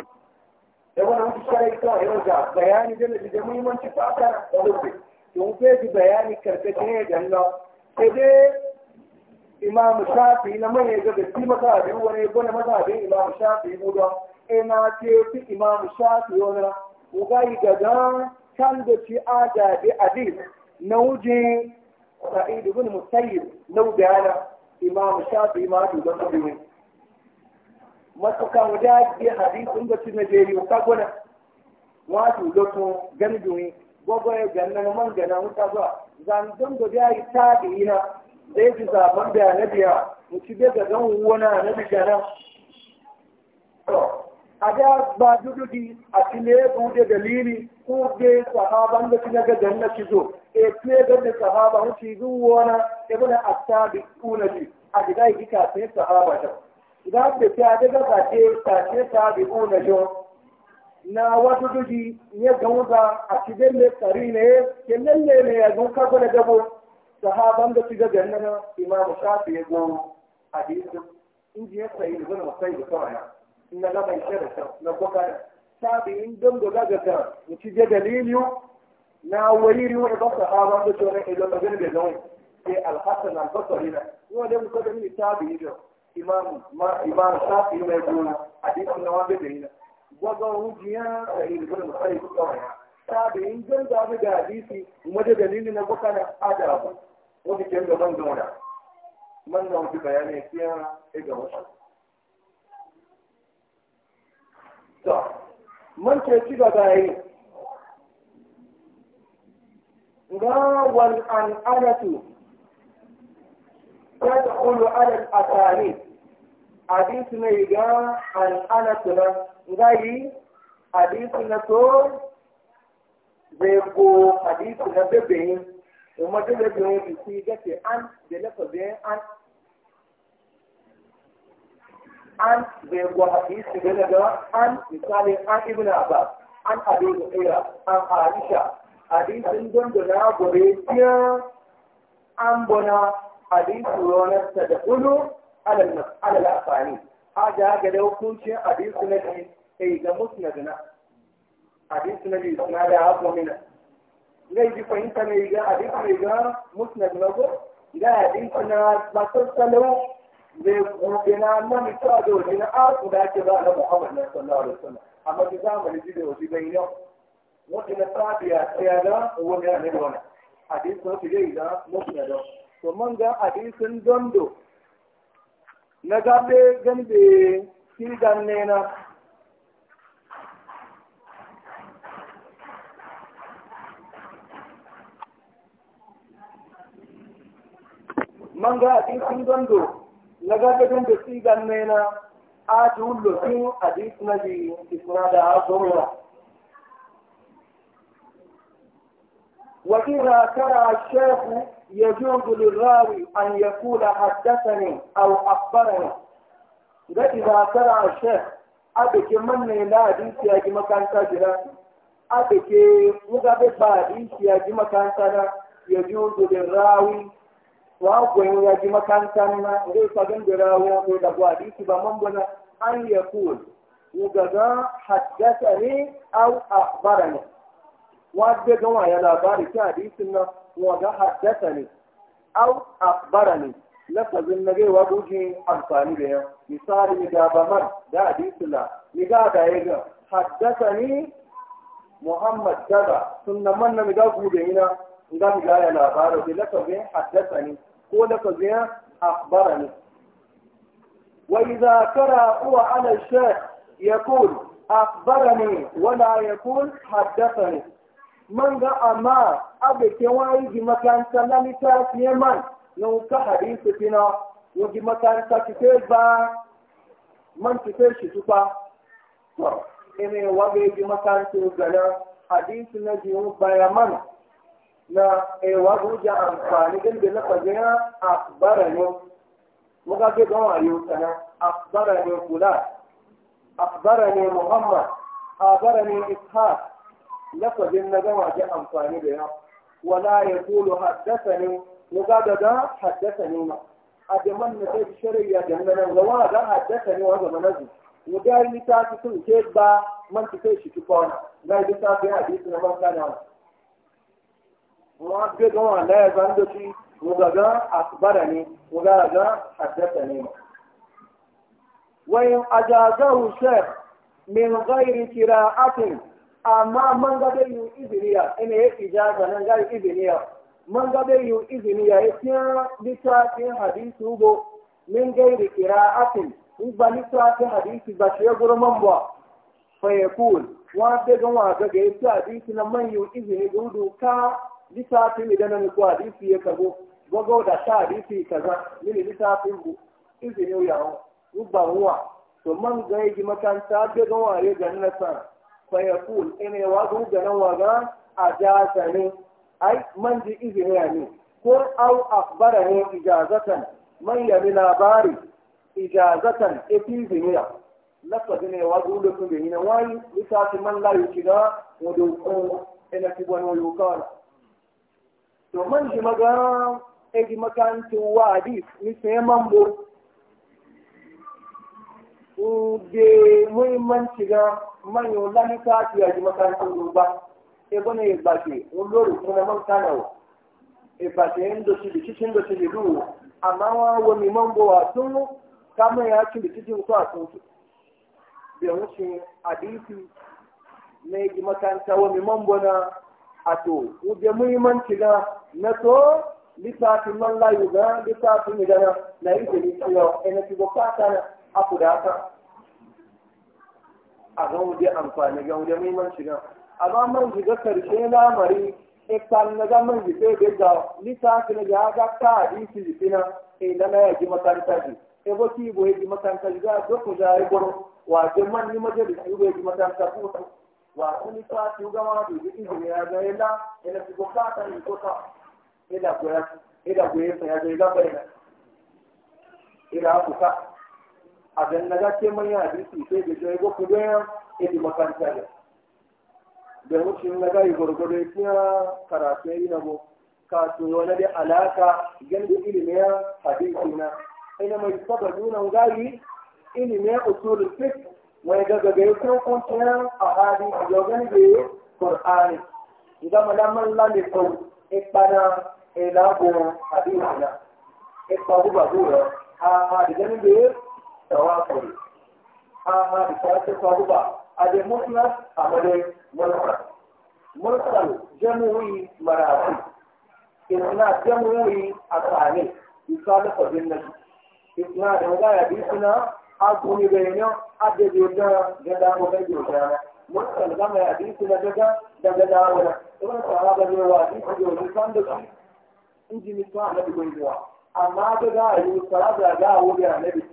da wani wani sharaita ya raja bayani da nabi da muhimmanci fata da rufe don bayani karkace ne da Allah dai imam shafi na manya ga da shi mazhabin wani gona mazhabin imam shafi guda ina ce fi imam shafi yana ugayi daga kan da shi agabi na wuje imam shafi ma matuka wajen ke hadisun da cin Najeriya ta gwada wato lokacin domin gwagwaye gannan man gana wuta zuwa zandun da ya yi ta da ina zai ji zaben da na biya mu ci bai ga zan wana na biya nan a da ba dududi a cile bude dalili ko be sahaban da kina ga ganna ci zo e tuye ga da sahaba mu ci zuwa na ibn asabi kuna ji a da ga yi kafin sahaba ta idan da ta daga kace kace ta bi ona jo na wato duji ne gauza a cikin da tsari ne ke lalle ne ya gun kafa da gabo ban da shiga jannana imam shafi ya go hadisi in ji ya sai da zama sai da kawai na ga bai shirka na boka tabi'in don da daga ta ya ci je dalilu na wayiri wa ba sahaban da shi ne idan da zama sai al-hasan al-basri ne wanda muka da ni tabi'i imam ma imam shafi mai gona hadisin na wanda da yana wazo hujiya da ilmin musai kawai tabi'in dan da ga hadisi wanda dalili na bukana adabu wanda ke ga gona man na wuce bayanai kiya ga wasu to man ke ci gaba yi ga wal an'anatu تدخل على الأساليب hadisi na iga al'ana tuna ngayi hadisi na to zai ko hadisi na bebeyin kuma duk da bebeyin bisi gace an da lafa bayan an an zai ko hadisi da daga an misali an ibn abbas an abi hurairah an aisha hadisin don da na gore an bona hadisi ronar ta da ulu على الأفعالي هذا هكذا يكون شيء حديث نبي إذا مسندنا حديث نبي ما لا أفضل منه لا يجي فهمت ميجا حديث ميجا مسند نظر لا حديثنا ما ترسلوا بنا ما نتراجعوا هنا آخر ذاك بعد محمد صلى الله عليه وسلم أما في زمن الجديد وفي بينه وإن التابع سيادة هو من أهل الونا حديث نبي إذا مسند ومن ذا حديث دندو na gafe gambe sirgan nena man ga adi sun gando na gafe gambe sirgan nena a ji hullo sun adi suna bi isna da وإذا ترى الشيخ يجوز للراوي أن يقول حدثني أو أخبرني إذا ترى الشيخ أبك من لا ديس يجي مكان تجرى أبك مغاب باديس يجي مكان تجرى يجوز للراوي وأقوين يجي مكان تجرى ليس بند راوي أقول أبوا ديس بمنبنا أن يقول وقضى حدثني أو أخبرني wadda gama ya labari ta hadisin nan waga haddasa ne au akbara ne lafazin na gaiwa gujin amfani da yan misali da bamar da hadisu na miga ga ya ga haddasa ne muhammad daga sunna man na miga gube yana nga miga ya labari da lafazin haddasa ne ko lafazin akbara ne وإذا قرأ هو على الشيخ يقول أخبرني ولا يقول حدثني man ga amma abe ke wani ji makanta na littafi ya man na wuka hadisi fina wani makaranta ki sai ba man ki shi tufa to ene wabe ji makanta gana hadisi na ji wani man na ewa guja amfani din da na fagina akbara ne muka ke gawa yau sana akbara ne kula akbara ne muhammad akbara ne ishaq لفظين نجمع جاء أمطاني بها ولا يقول حدثني نقاد دا حدثني ما أجمان نتاج شريا جمنا نغوا دا حدثني وهذا منازل وقال لي تاتي سوء كيف با من تتاشي كفانا لا يدي تاتي حديث نما كان عنا وعند بيقوا لا يزان دوشي نقاد أخبرني وقاد حدثني ما وإن أجازه الشيخ من غير قراءة amma man ga bai yi izini ya ina ya ijaza nan ga izini ya man ga bai yi izini ya yakin littafin hadisi go min gairi qira'atin in ba littafin hadisi ba shi ya gurman ba fa yakul wa da ga wa ga yakin hadisi nan man yi izini gudu ka littafin idan ko hadisi ya kago gogo da ta hadisi kaza mini littafin bu izini ya ho ba ruwa to man ga yi makanta da ga wa ya ganna sana فيقول إني جنوا جنوة أجازني أي من جي إذني يعني قل أو أخبرني إجازة من يبي لاباري إجازة إتيزني لقد إني وضو لكم بهنا واي لسات من لا يكدا ودوكم إن تبون ويوكال ومن جي مقام إجي مكان تواديس مثل ممبر Ude muhimmanci ga manyan lamika su yaji makarantar gurba e bane ya bace wani lori kuma man kana wa e bace yin da su da cikin da su da duhu amma wa wani man bowa tun kama ya ci da cikin su a tun su da wucin adisi na yi makaranta wani man bona a to wuje muhimmanci na na to littafin man layu ga littafin gana na yi da littafin yau e na ci bukata na aku da haka a ga wuje amfani ga wuje muhimmanci ga amma man shiga karshe mari ikan e na ga man jibe da ga littafi na ga ga ta hadisi jifina e da na yaji makaranta ji e ba ki bo yaji makaranta ji ga doko da ai goro wa je man ni maje da bo yaji makaranta ko wa ni ta ci ga ma da ji ne ya ga ila ila ki ko ka ta e ni ko ta ila ko ya ila e ko ya ya ga ila ba ila ila ku ta a ganin na gace manyan hadisi sai da shi ko ku da idi makaranta ne da wuce na ga yi gurgudu ya karatu yi na mu ka to wani da alaka ganin ilimin ya hadisi na ina mai saba nuna gari ilimin usulul fiqh wani daga ga yi hukunci na a hali da gani da yi qur'ani idan malaman lamikon ipana elago hadisi na ipa e gubagu e e a hali ganin da yi تواصل هذا بشرط صعوبة هذا مسند هذا مرسل مرسل جمعي مراسل إثناء جمعي أساني يصادف الجنة إثناء رواية بيسنا أبوني بينه أبدي جدا جدا مبين جدا مرسل كما يحديثنا جدا جدا داولا إذن صحابة جوادي فجوه صندوقي إنجي مثلا نبي بيجوا أما جدا يوصلا جدا هو بيانا نبي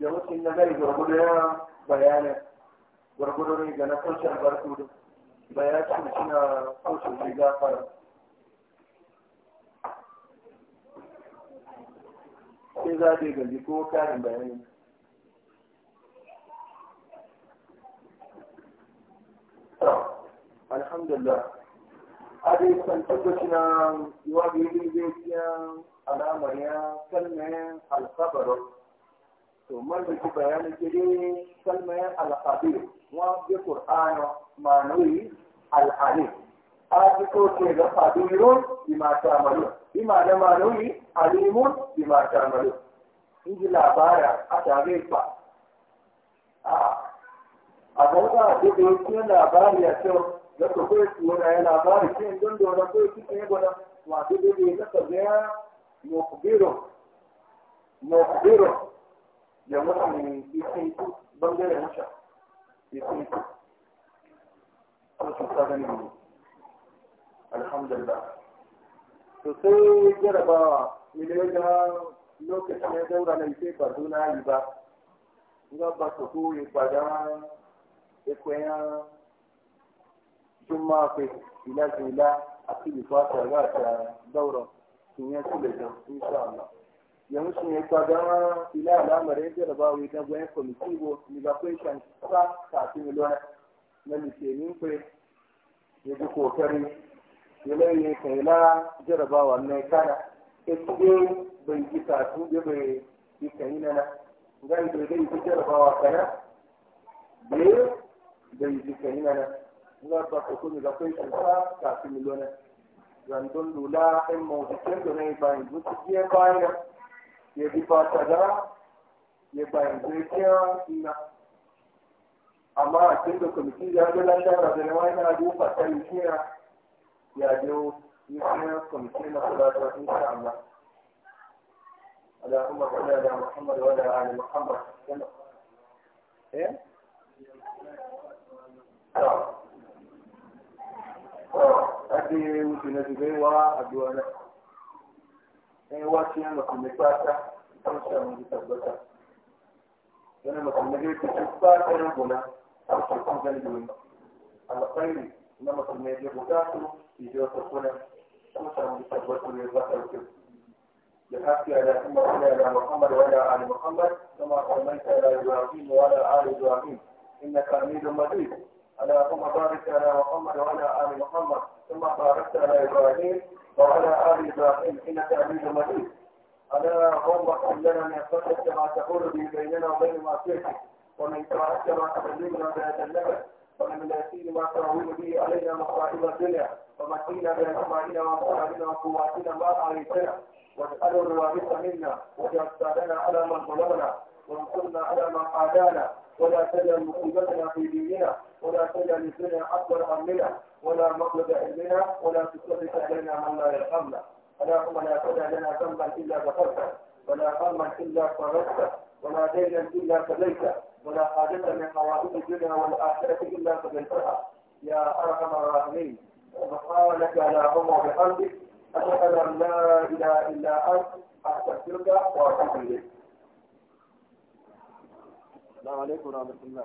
da wasu na gari gwargwado ya bayana gwargwado ne ga na kwanci albarku da bayan su suna kwanci mai gafara sai za ta yi gaji ko karin bayani alhamdulillah adai san tabbaci na yiwa biyu zai kiyan alamar ya kalmar alkabarar to man da ku bayanin gidi al alƙadir wa bi qur'ana ma'anawi al'alim ko ce ga qadirun bima ta'malu bima da ma'anawi alimun bima ta'malu in ji labara a tare ba a bauta da da yake labari a cewa da ku ko su wani labari ce don da ko su ne gona ma da da yake ka ga mukbiru mukbiru da mutane ya kai bangaren wuce ya kai su ta gani ne alhamdulillah to sai jarabawa ne ga lokacin ya zaura na ike ba zuna yi ba nga ba su ku yi ipada ikwenya juma kwe ila zila a kwa ta ga ta daura kinyasi da insha Allah yanzu shi ne kwa gama ila alamar ya jaraba wa ita gwayan kwamiti ko ni ga kwai shan sa kafin miliyar na lisenin kwai ya ji kokari ya lai ka ila jarabawa na kana ta ci bai ji kafin ya bai yi yi nana zai bai zai ji jarabawa kana bai bai ji yi nana za ba ka kuma ga kwai shan sa kafin Zan zandun lula ɗin mawuzikin da na yi bayan zuci biyan bayan Ye di pata la, ye bayan zekyan ina. Ama akil do komisi, ya de la chan la denwa ina di pata li kina. Ya de ou, ni na sada sa insha Allah. Ala kuma kuna ala Muhammad wa ala ala Muhammad. Kena? Eh? E? Sa. Sa. Adi, ou tina zibewa, adi wana. Adi wana. sai wasu yana kuma fata don samu da tabbata yana mutum da yake cikin fata na gona a cikin galibi alƙairi na mutum da yake bukatu ijiyar ta kuna don samu da tabbata ne za ta rufe da haske a yakin mafiya da muhammad a ali muhammad kama kwamanta da ibrahim wala ali ibrahim innaka hamidun majid ala kuma da ala muhammad wala ali muhammad ثم باركت على إبراهيم وعلى آل إبراهيم إنك حميد مجيد ألا قوم لنا من فضلك كما تقول به بيننا وبين معصيتك ومن كرهك ما تعلمنا بهذا اللبن ومن يسير ما تهون به علينا مصائب الدنيا ومكينا بأسمائنا وأبصارنا وقواتنا ما أعيتنا واجعلوا الوارث منا واجعل ثارنا على من ظلمنا وانصرنا على من عادانا ولا تجعل مصيبتنا في ديننا ولا تجعل الدنيا اكبر همنا ولا مطلب علمنا ولا تسلط علينا من لا يرحمنا اللهم لا تدع لنا ذنبا الا غفرته ولا غما الا فرجته ولا دينا الا سليته ولا حاجه من حوائج الدنيا والاخره الا قبلتها يا ارحم الراحمين على اللهم بقلبك اشهد ان لا اله الا انت استغفرك واتوب اليك السلام عليكم ورحمه الله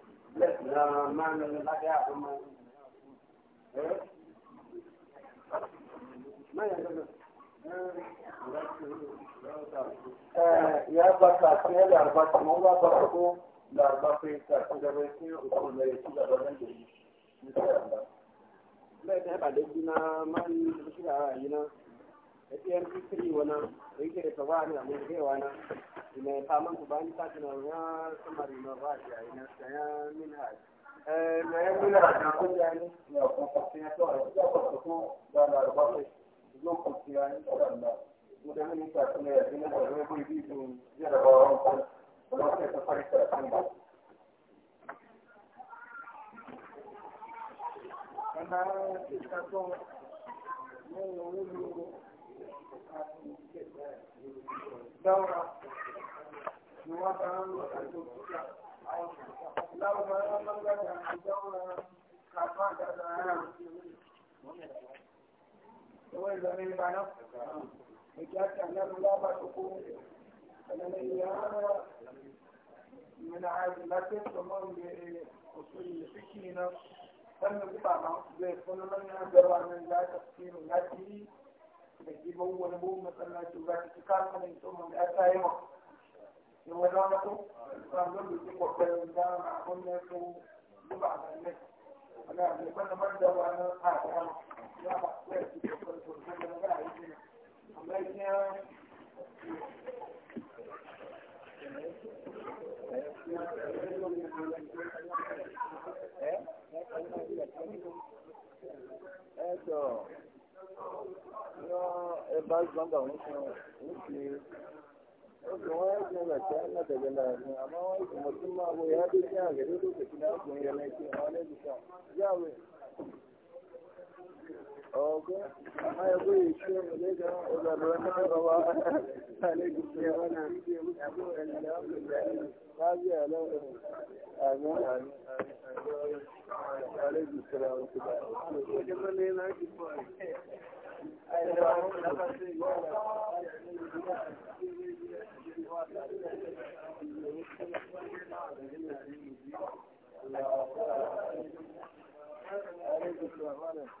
ya ba kafin ya larba kamar ba ba ko larba kai kafin na bai sai uku na ya ci gaba da shi. Lai ta ba da gina man da shi da na da tsayar zikiri wani da yake da tabari a mai kaiwa na mai faman ku bayan ta tana ya samari na ba shi a ina ta ya min haji na eh, ya min haji na kun ya ne ya kuma ya to a cikin kwasu ko da na da bakwai zo ku ci ya ne da wanda da mini ta kuma ya zina da wani bai bi sun jarabawa wankan kuma sai ta farka kan ba Thank you. دورة مواطنة لو ما نملك دورة كفاءة وإذا من بنا وجدت أن لا تكون من عادلة ومن بأصول الفكر فلنبقى مع ذلك ونمنع دورة من لا تفسير التي da ke bawuwar buhun masallaci za ta ci kasa mai tsohon da aka yi ma ne wani ramato ramar da ke kwakwarin da abin da ya so zuba a hannun ana da kwanan manda ba na a dama ya ba su yaki da kwanan sosai da magana a yi kina amma ya kiya Eso. ẹ̀bá gbọ́ngà ń fi wọ́n ẹ̀sìn rẹ̀ tí wọ́n tẹ̀lé láàrin àmọ́ wọ́n ẹ̀sìn mọ̀tún máa wọ ìyá tó sí àgẹ̀dẹ́ tó tẹ̀lé láàrin ìyẹn lẹ́sìn àwọn ẹlẹ́sìn ما يقول السلام راجع له آمين السلام Thank you.